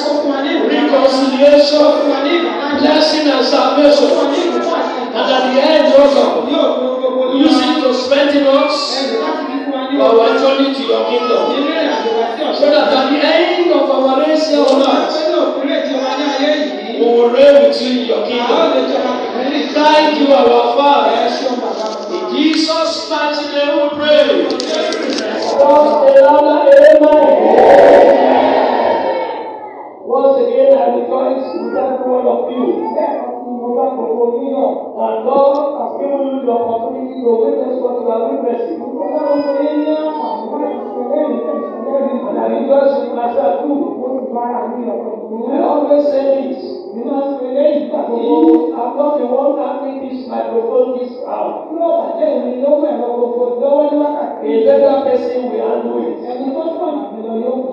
reconciliation blessing and salvation and at the end of also using to strengthen us for our journey to your kingdom so that at the end of our race here on earth we will reign with you in your kingdom thank you our father in Jesus' mighty name we pray. Amen. Once again, I rejoice with every one of you. That God has given you the opportunity to witness what you are witnessing. And I rejoice with myself too. I always say this. Because eléyìí tàbí agbọ́sẹ̀ wọ́n ká pé this microphone this round. Yóò bàjẹ́ ìrìn lọ́wọ́ ẹ̀rọ gbogbo lọ́wọ́ ní wákàtí. A better person will handle it. Ẹni tó sọ̀rọ̀ jùlọ yóò wù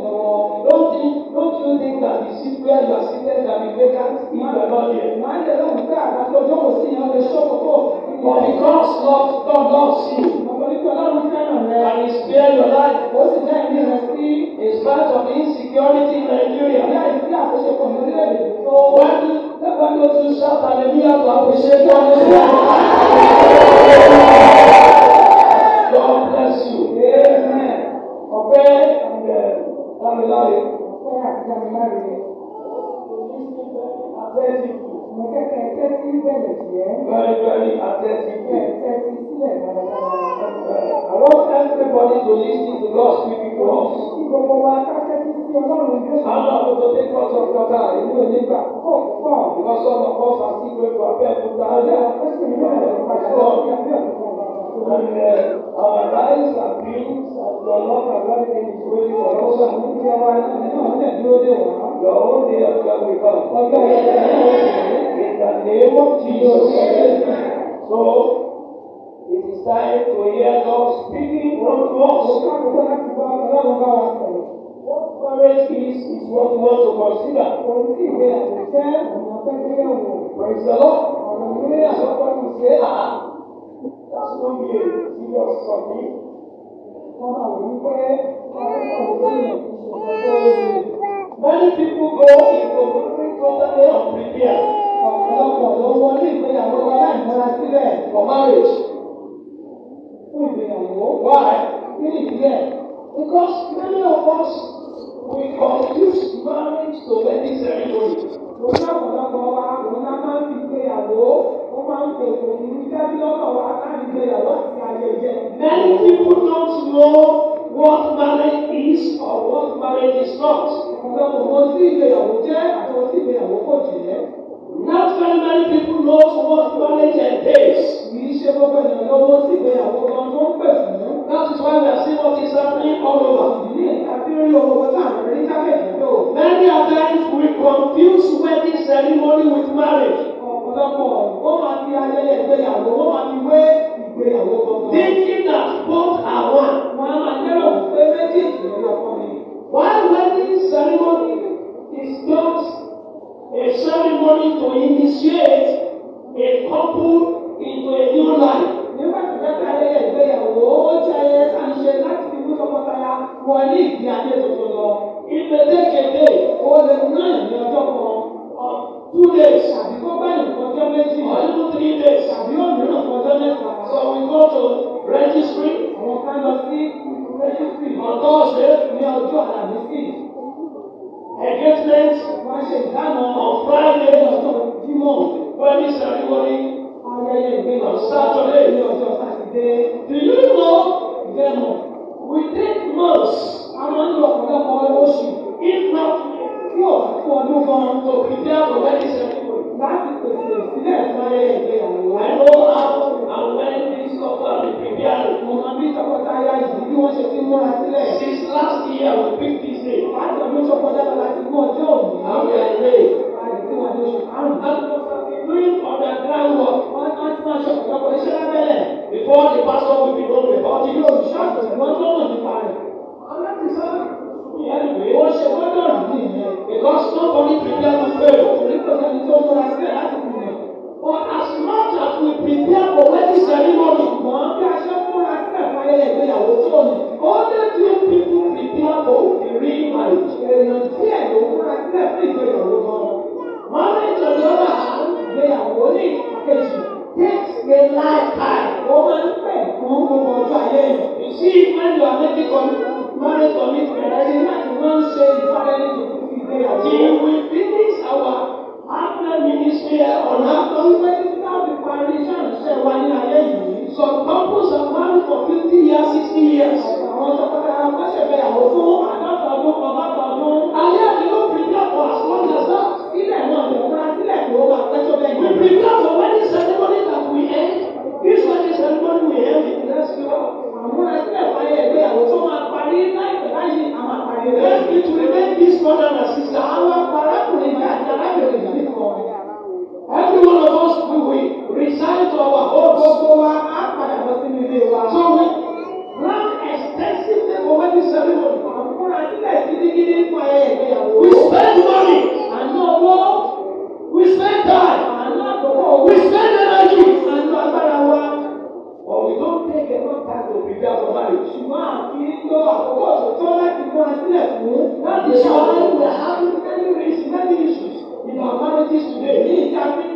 Don't think don't you think that the seat where you are seated can vacant if are not here. Màá lè lọ́wọ́ pé àgbàdo ọjọ́ kò sí ìyá ọ̀rẹ́ ṣọ́ọ̀kù kò. But because God God love you. And he spare your life. Ó sì dá ìdí is part of insecurity in Nigeria. Láìsí àkóṣepọ̀ ní orílẹ̀-èdè tó wọ́n ní lẹ́gbàá ní oṣù sábà ní bí àgbà kò ṣe tó ọdún sí àwọn. God bless you. Amen. Ọ̀pẹ uh, Dámiláre. Ọ̀pẹ àti Dámiláre. Àbẹ́ẹ̀dì kù. Mo fẹ́ kẹ́ tẹ́tí bẹ̀rẹ̀ jẹ́. Very very attentive. Kẹ́ tẹ́tí sílẹ̀ dáradára. I want everybody to lis ten to God's speaking to us. Kí gbogbo wa ká tẹ́tí sí Ọlọ́run yóò. Àwọn àkókò tó kọ́ sọ fún ìlú onígbà kò pọ̀. Ìlọsọ̀nà kọ́sà sí ìlú ẹ̀kọ́ abẹ́òkúta. Àwọn ẹ̀kọ́ sì ń When our lives are built, the Lord of everything is waiting for us. Àwọn tí a wá nínú ọ̀dẹ̀ dúró dé wá. Your own day of God will come. Ọjọ́ ìwé In the name of Jesus. So it is time to hear God speaking from us. What marriage is, is what we want to consider. Òun sì Praise the Lord. Ọ̀nà ìgbéyàwó wọ́n ti ṣe That's what you see yourself in. Many people go into preaching totally unprepared. Ọ̀pọ̀lọpọ̀ ló wọlé ìgbéyàwó wọn láì múra sílẹ̀ for marriage. Why? Kí ni ìdí Because many of us we confuse marriage to wedding ceremony. òun náà ọ̀pọ̀lọpọ̀ wa òun náà máa ń fi gbéyàwó ó máa ń pè kò ní dájú lọ́kàn wa láti gbéyàwó àti ayẹyẹ. many people don't know what marriage is or what marriage is not. ọ̀pọ̀lọpọ̀ mo sí ìgbéyàwó jẹ́ àti mo sí ìgbéyàwó kò jẹ́. Not very many people know what marriage entails. Kì í ṣe gbogbo ènìyàn lọ́wọ́ sí ìgbéyàwó gan. somebody with marriage. bí àwọn wẹ́ẹ̀dì ṣe ń láti pèsè sílẹ̀ fún ìgbéyàwó.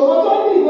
ìṣòro tó ní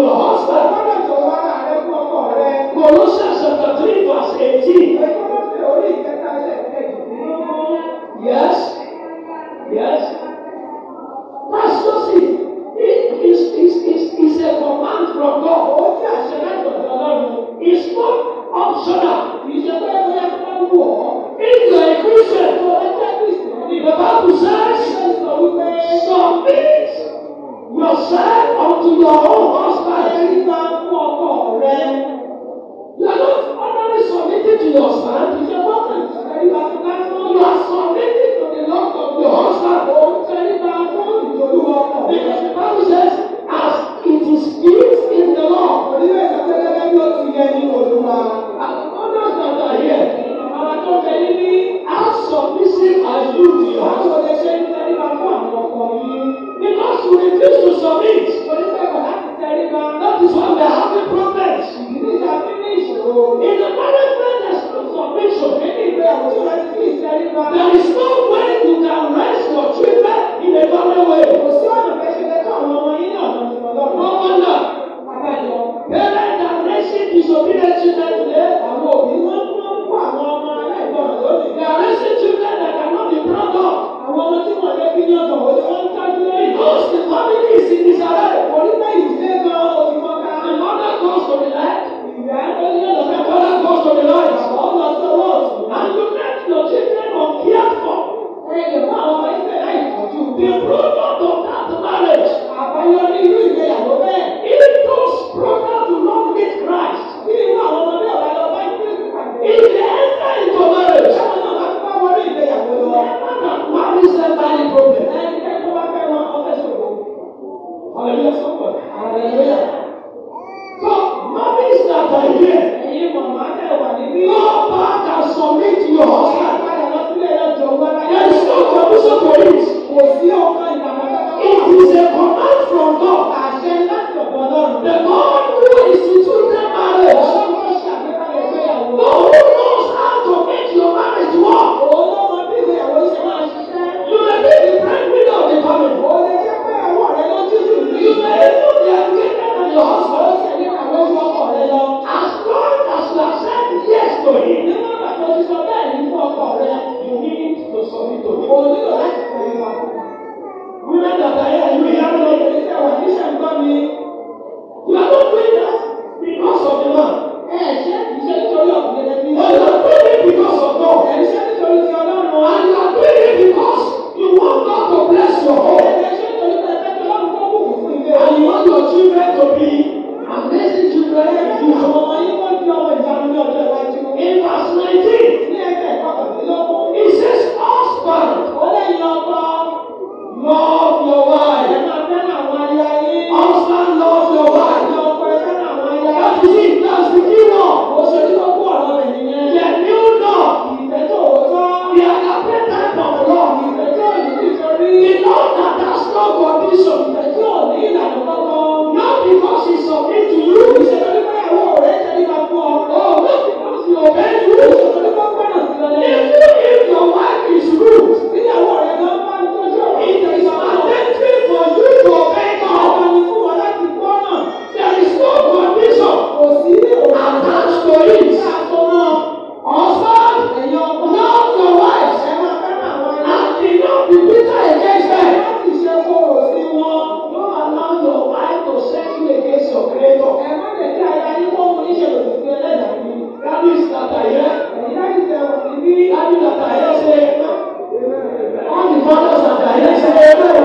Lord. Hallelujah, somebody. Hallelujah. So, mommy is not by here. Ẹyin màmá tẹ̀ wà níbí. No man can submit to your husband. Àgbàdo lọ sílẹ̀ lọ́jọ́ wọn. There is no permission for it. It is a command from God. The God. All the fathers that are here say,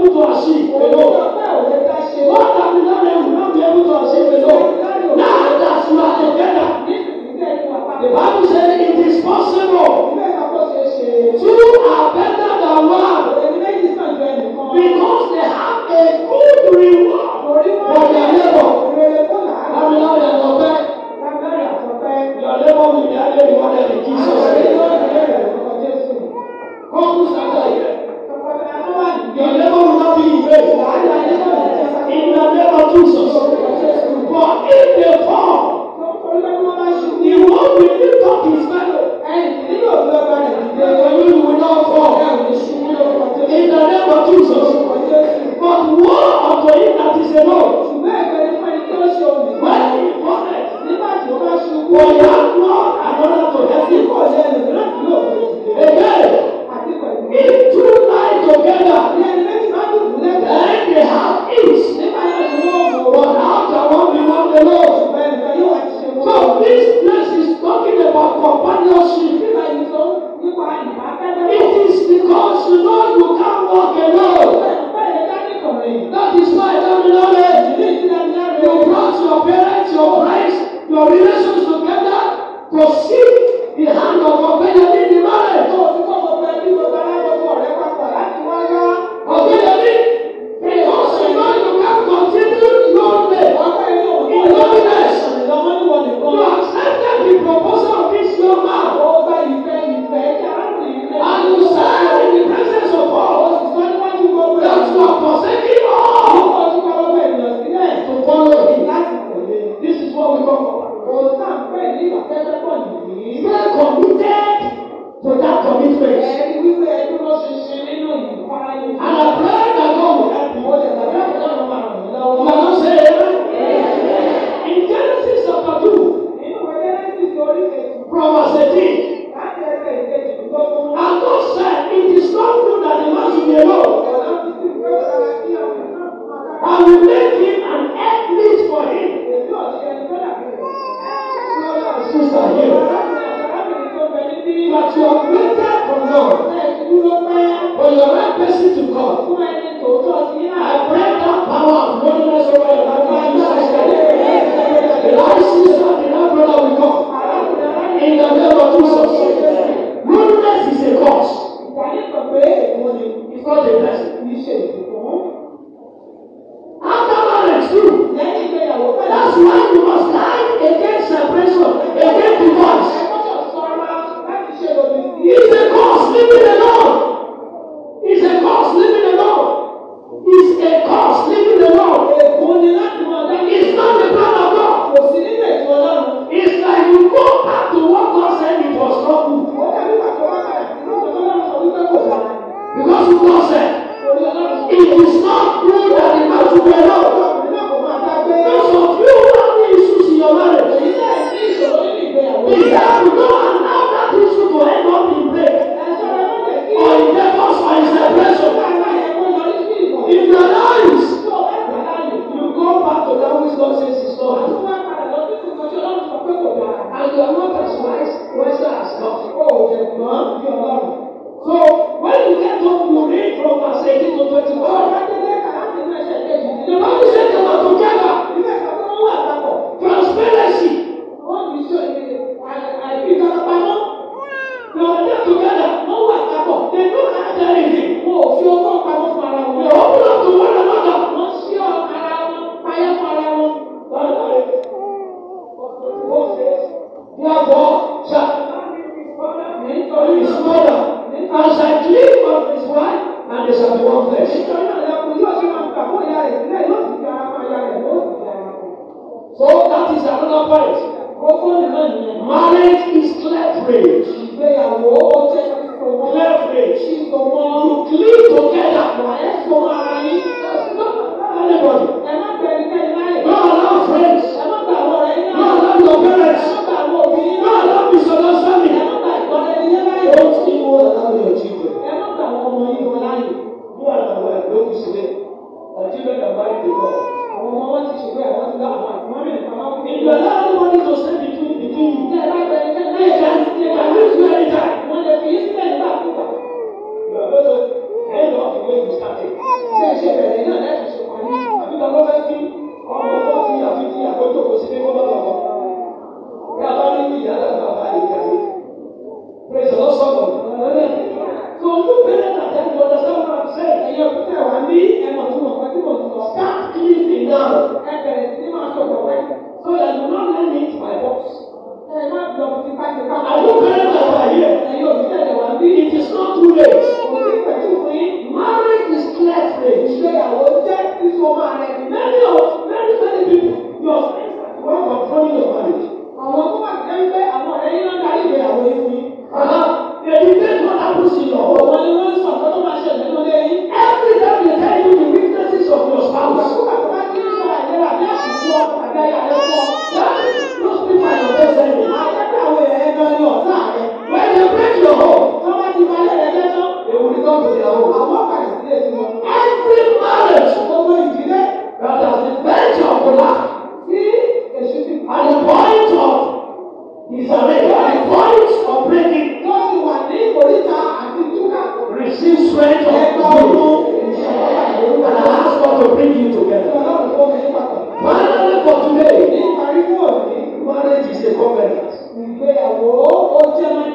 orúkọ àṣì ìpẹ́lú. òṣèré ṣíṣọ́ náà lọ́kùnrin yóò ṣe máa gbà ìyá rẹ̀ sílẹ̀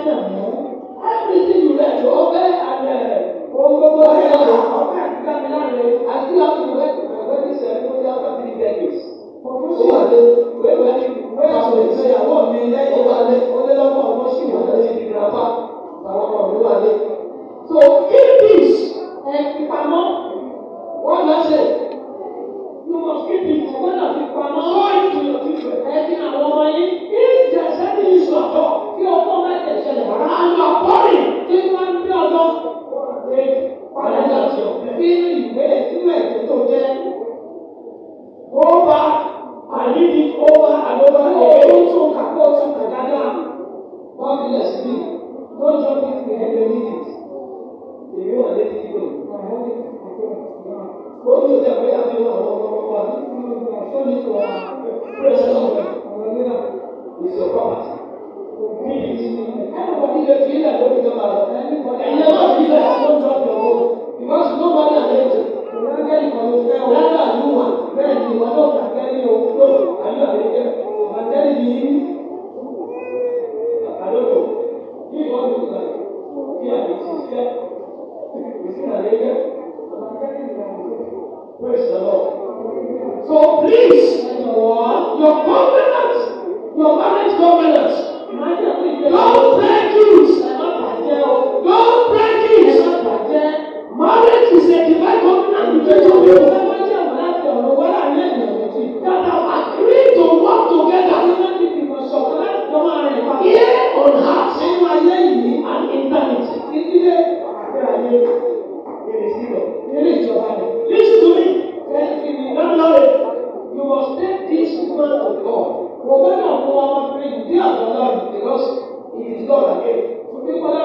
the 만약에 300만 원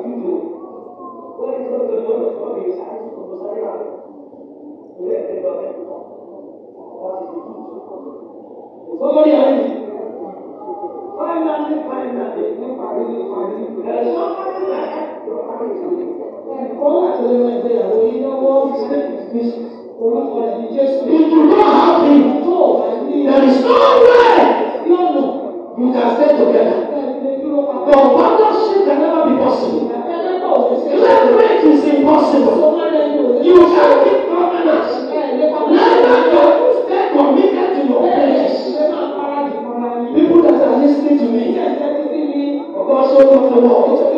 You can stay together. But partnership can never be possible it is impossible. You shall be covenants. Let that your stay committed to your parents. People that are listening to me, God so loved the world.